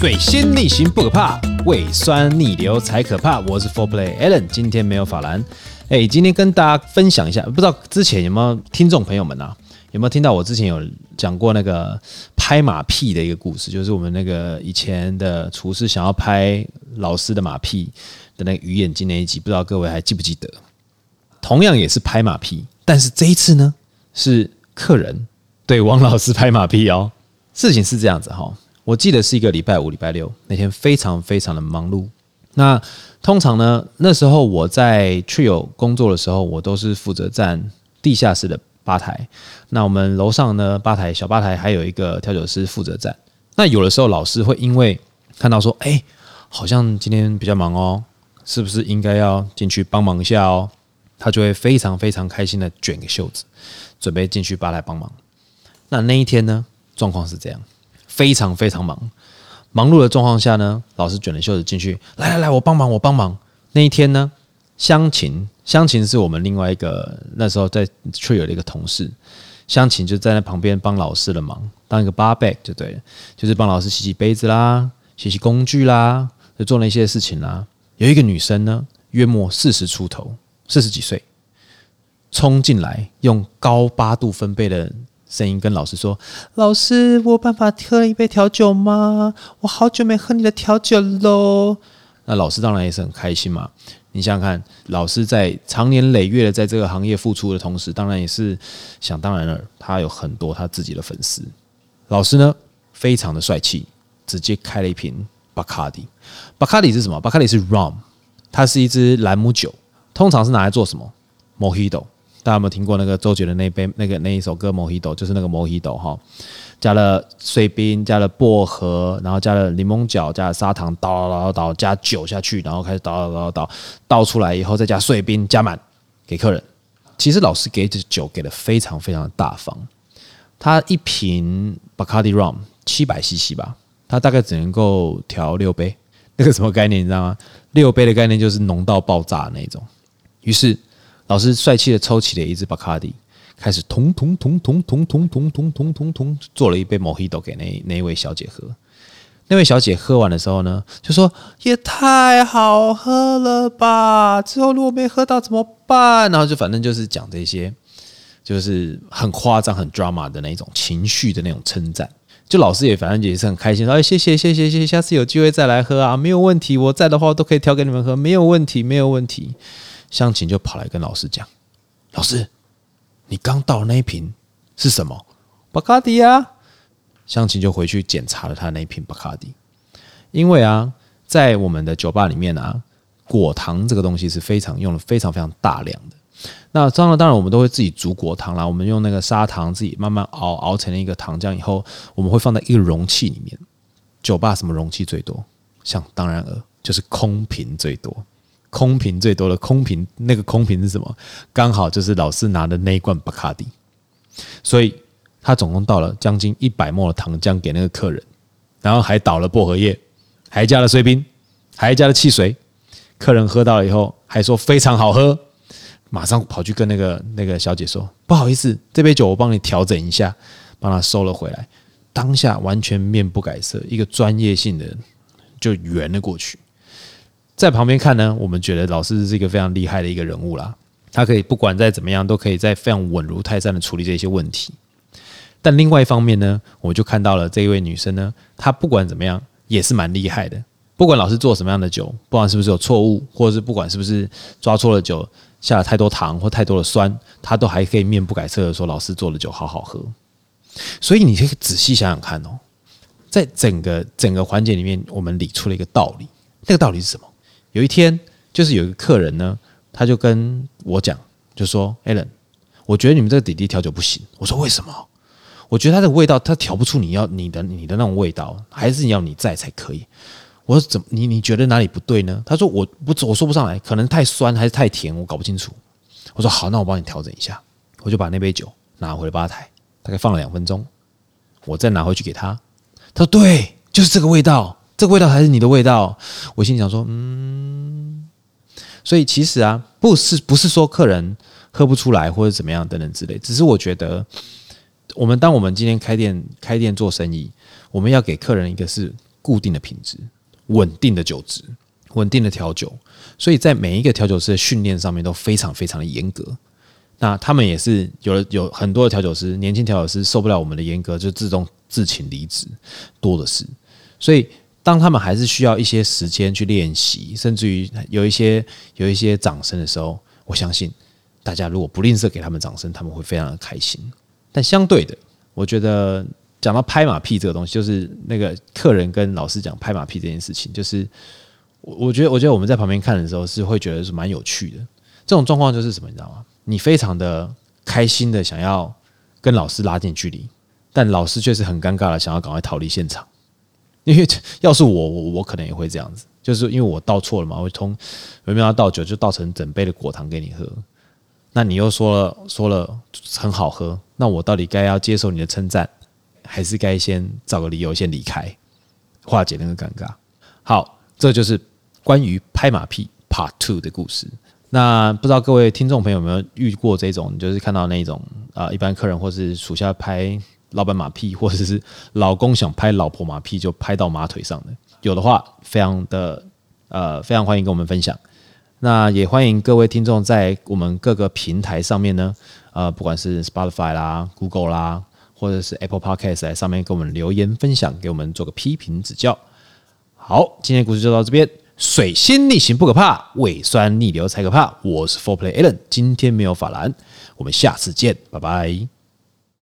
對心力行不可怕；胃酸逆流才可怕。我是 Four Play Allen，今天沒有法蘭。誒，今天跟大家分享一下，不知道之前有沒有聽眾朋友們吶、啊，有沒有聽到我之前有講過那個拍馬屁的一個故事，就是我們那個以前的廚師想要拍老師的馬屁的那個魚眼，今年一集，不知道各位還記不記得？同樣也是拍馬屁，但是這一次呢，是客人對王老師拍馬屁哦。事情是這樣子哈、哦。我記得是一個禮拜五、禮拜六那天，非常非常的忙碌。那通常呢，那時候我在 Trio 工作的時候，我都是負責站地下室的吧台。那我們樓上呢，吧台小吧台還有一個調酒師負責站。那有的時候老師會因為看到說，誒、欸，好像今天比較忙哦，是不是應該要進去幫忙一下哦？他就會非常非常開心地卷個袖子，準備進去吧台幫忙。那那一天呢，狀況是這樣。非常非常忙，忙碌的狀況下呢，老師捲了袖子進去，來來來，我幫忙，我幫忙。那一天呢，湘琴，湘琴是我們另外一個那時候在翠友的一個同事，湘琴就在那旁邊幫老師的忙，當一個 bar back 就對了，就是幫老師洗洗杯子啦，洗洗工具啦，就做那些事情啦。有一個女生呢，約莫四十出頭，四十幾歲，衝進來用高八度分貝的。聲音跟老師說：“老師，我有辦法喝一杯調酒嗎？我好久沒喝你的調酒嘍。”那老師當然也是很開心嘛。你想想看，老師在長年累月的在這個行業付出的同時，當然也是想當然了，他有很多他自己的粉絲。老師呢，非常的帥氣，直接開了一瓶 Bacardi。Bacardi 是什麼？Bacardi 是 rum，它是一支蘭姆酒，通常是拿來做什麼？Mojito。Mo 大家有沒有聽過那個周杰倫的那杯那個那一首歌《Mojito》，就是那個 Mojito 哈，加了碎冰，加了薄荷，然後加了檸檬角，加了砂糖，倒倒倒倒，倒，加酒下去，然後開始倒倒倒倒，倒，倒出來以後再加碎冰，加滿給客人。其實老師給的酒給的非常非常的大方，他一瓶 Bacardi Rum 七百 CC 吧，他大概只能夠調六杯。那個什麼概念你知道嗎？六杯的概念就是濃到爆炸的那一種。於是。老師帥氣的抽起了一支巴卡迪，開始同同同同同同同同同同同做了一杯 Mojito 給那那位小姐喝。那位小姐喝完的時候呢，就說也太好喝了吧！之後如果沒喝到怎麼辦？然後就反正就是講這些，就是很誇張、很 drama 的那種情緒的那種稱讚。就老師也反正也是很開心，說哎謝謝謝謝謝謝，下次有機會再來喝啊，沒有問題，我在的話都可以調給你們喝，沒有問題，沒有問題。向琴就跑來跟老師講：“老師，你剛倒的那一瓶是什麼？巴卡迪啊！”向琴就回去檢查了他那一瓶巴卡迪。因為啊，在我們的酒吧裡面啊，果糖這個東西是非常用的非常非常大量的。那當然，當然我們都會自己煮果糖啦。我們用那個砂糖自己慢慢熬熬成了一個糖漿以後，我們會放在一個容器裡面。酒吧什麼容器最多？想當然耳就是空瓶最多。空瓶最多的空瓶，那個空瓶是什麼？剛好就是老師拿的那罐巴卡迪，所以他總共倒了將近一百 ml 的糖漿給那個客人，然後還倒了薄荷葉，還加了碎冰，還加了汽水。客人喝到了以後，還說非常好喝，馬上跑去跟那個那個小姐說：“不好意思，這杯酒我幫你調整一下。”幫他收了回來，當下完全面不改色，一個專業性的人就圓了過去。在旁邊看呢，我們覺得老師是一個非常厲害的一個人物啦。他可以不管再怎麼樣，都可以在非常穩如泰山地處理這些問題。但另外一方面呢，我們就看到了這一位女生呢，她不管怎麼樣也是蠻厲害的。不管老師做什麼樣的酒，不管是不是有錯誤，或者是不管是不是抓錯了酒，下了太多糖或太多的酸，她都還可以面不改色地說：“老師做的酒好好喝。”所以你可以仔細想想看哦，在整個整個環節裡面，我們理出了一個道理，那個道理是什麼？有一天，就是有一個客人呢，他就跟我講，就說：“Allen，我覺得你們這個弟弟調酒不行。”我說：“為什麼？我覺得他的味道他調不出你要你的你的那種味道，還是要你在才可以。”我說：“怎麼？你你覺得哪裡不對呢？”他說：“我我我說不上來，可能太酸還是太甜，我搞不清楚。”我說：“好，那我幫你調整一下。”我就把那杯酒拿回了吧台，大概放了兩分鐘，我再拿回去給他。他說：“對，就是這個味道。”這個味道還是你的味道，我心想說，嗯，所以其實啊，不是不是說客人喝不出來或者怎麼樣等等之類，只是我覺得，我們當我們今天開店開店做生意，我們要給客人一個是固定的品質、穩定的酒質、穩定的調酒，所以在每一個調酒師的訓練上面都非常非常的嚴格。那他們也是有了有很多的調酒師，年輕調酒師受不了我們的嚴格，就自動自請離職，多的是，所以。當他們還是需要一些時間去練習，甚至於有一些有一些掌聲的時候，我相信大家如果不吝嗇給他們掌聲，他們會非常的開心。但相對的，我覺得講到拍馬屁這個東西，就是那個客人跟老師講拍馬屁這件事情，就是我我覺得我覺得我們在旁邊看的時候是會覺得是蠻有趣的。這種狀況就是什麼，你知道嗎？你非常的開心的想要跟老師拉近距離，但老師卻是很尷尬的想要趕快逃離現場。因為要是我，我我可能也會這樣子，就是因為我倒錯了嘛，我從沒有要倒酒就倒成整杯的果糖給你喝，那你又說了說了很好喝，那我到底該要接受你的稱讚，還是該先找個理由先離開，化解那個尷尬？好，這就是關於拍馬屁 Part Two 的故事。那不知道各位聽眾朋友有沒有遇過這種？就是看到那種啊、呃，一般客人或是屬下拍。老闆馬屁，或者是老公想拍老婆馬屁就拍到馬腿上的，有的話，非常的呃，非常歡迎跟我們分享。那也歡迎各位聽眾在我們各個平台上面呢，呃，不管是 Spotify 啦、Google 啦，或者是 Apple Podcast 在上面給我們留言分享，給我們做個批評指教。好，今天的故事就到這邊。水星逆行不可怕，胃酸逆流才可怕。我是 Four Play Allen，今天沒有法蘭，我們下次見，拜拜。